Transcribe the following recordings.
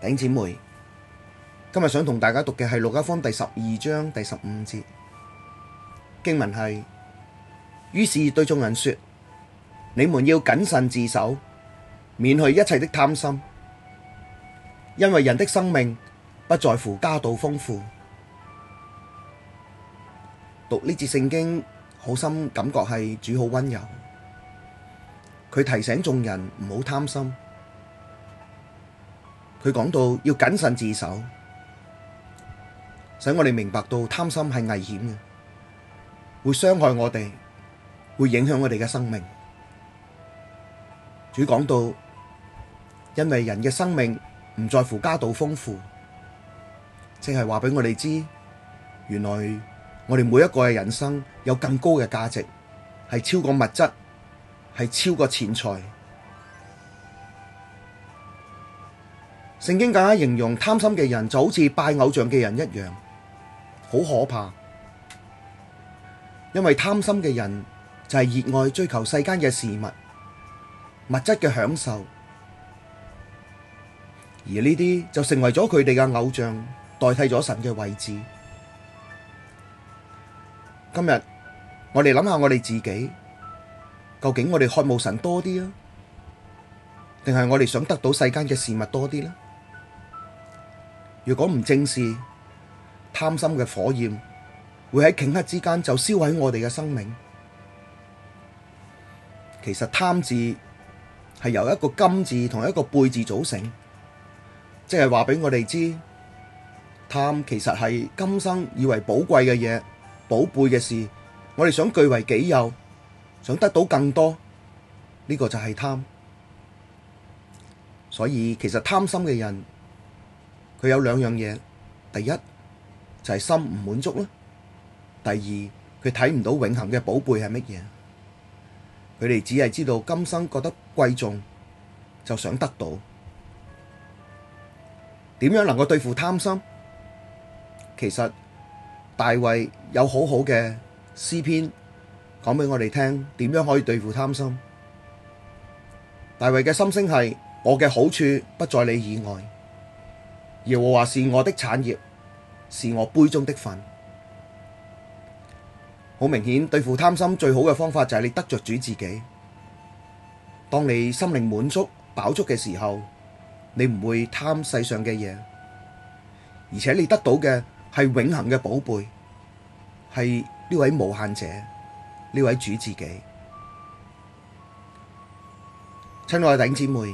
頂姐妹，今日想同大家讀嘅係《路加福音》第十二章第十五節經文係：於是對眾人說：你們要謹慎自守，免去一切的貪心，因為人的生命不在乎家道豐富。讀呢節聖經，好深感覺係主好溫柔，佢提醒眾人唔好貪心。佢講到要謹慎自守，使我哋明白到貪心係危險嘅，會傷害我哋，會影響我哋嘅生命。主講到，因為人嘅生命唔在乎家道豐富，即係話畀我哋知，原來我哋每一個嘅人生有更高嘅價值，係超過物質，係超過錢財。聖經更加形容貪心嘅人就好似拜偶像嘅人一樣，好可怕。因為貪心嘅人就係熱愛追求世間嘅事物、物質嘅享受，而呢啲就成為咗佢哋嘅偶像，代替咗神嘅位置。今日我哋諗下我哋自己，究竟我哋渴慕神多啲啊，定係我哋想得到世間嘅事物多啲呢？如果唔正視貪心嘅火焰，會喺頃刻之間就燒毀我哋嘅生命。其實貪字係由一個金字同一個貝字組成，即係話俾我哋知，貪其實係今生以為寶貴嘅嘢、寶貝嘅事，我哋想據為己有，想得到更多，呢個就係貪。所以其實貪心嘅人，佢有兩樣嘢，第一就係心唔滿足啦，第二佢睇唔到永恆嘅寶貝係乜嘢，佢哋只係知道今生覺得貴重就想得到，點樣能夠對付貪心？其實大衛有好好嘅詩篇講俾我哋聽，點樣可以對付貪心？大衛嘅心聲係：我嘅好處不在你以外。耶和華是我的產業，是我杯中的分。好明顯，對付貪心最好嘅方法就係你得着主自己。當你心靈滿足、飽足嘅時候，你唔會貪世上嘅嘢，而且你得到嘅係永恆嘅寶貝，係呢位無限者，呢位主自己。親愛的弟兄姐妹，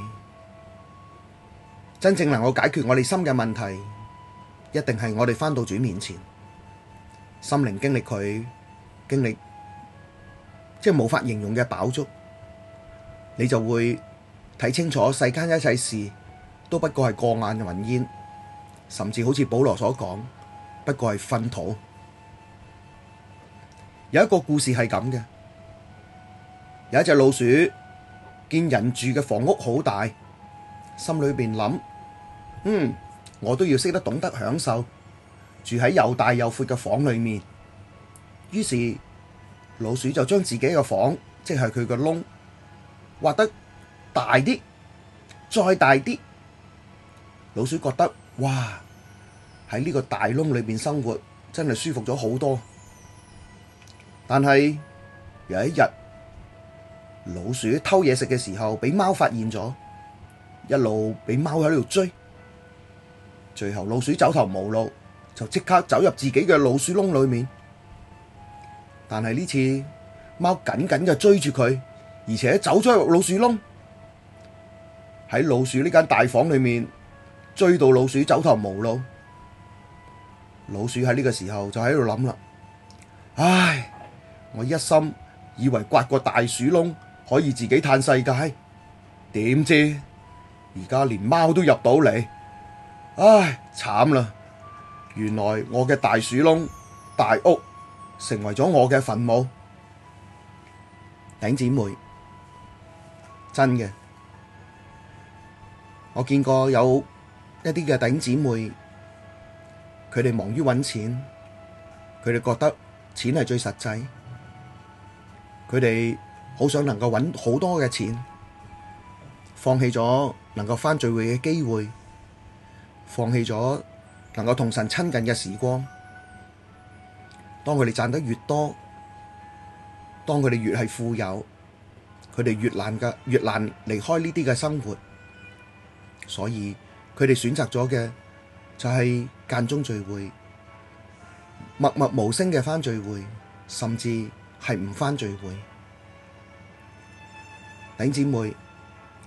真正能夠解決我哋心嘅問題，一定係我哋返到主面前，心靈經歷佢經歷，即係冇法形容嘅飽足，你就會睇清楚世間一切事都不過係過眼雲煙，甚至好似保羅所講，不過係糞土。有一個故事係咁嘅，有一隻老鼠見人住嘅房屋好大。心裏邊諗：嗯，我都要識得懂得享受住喺又大又闊嘅房裏面。於是老鼠就將自己嘅房，即係佢個窿，挖得大啲，再大啲。老鼠覺得，哇！喺呢個大窿裏邊生活，真係舒服咗好多。但係有一日，老鼠偷嘢食嘅時候，俾貓發現咗。一路俾貓喺度追，最後老鼠走投無路，就即刻走入自己嘅老鼠窿裏面。但係呢次貓緊緊就追住佢，而且走出老鼠窿，喺老鼠呢間大房裏面追到老鼠走投無路。老鼠喺呢個時候就喺度諗啦：唉，我一心以為掘個大鼠窿可以自己嘆世界，點知？而家連貓都入到嚟。唉，慘啦！原來我嘅大鼠窿、大屋成為咗我嘅墳墓。頂姊妹，真嘅，我見過有一啲嘅頂姊妹，佢哋忙於搵錢，佢哋覺得錢係最實際，佢哋好想能夠搵好多嘅錢，放棄咗。能夠返聚會嘅機會，放棄咗能夠同神親近嘅時光。當佢哋賺得越多，當佢哋越係富有，佢哋越難噶，越難離開呢啲嘅生活。所以佢哋選擇咗嘅就係間中聚會，默默無聲嘅返聚會，甚至係唔返聚會。頂姊妹。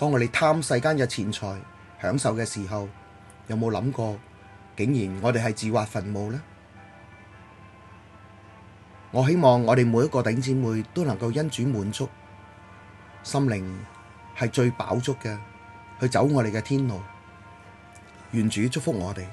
當我哋貪世間嘅錢財享受嘅時候，有冇諗過竟然我哋係自掘墳墓呢？我希望我哋每一個頂姊妹都能夠因主滿足，心靈係最飽足嘅，去走我哋嘅天路。願主祝福我哋。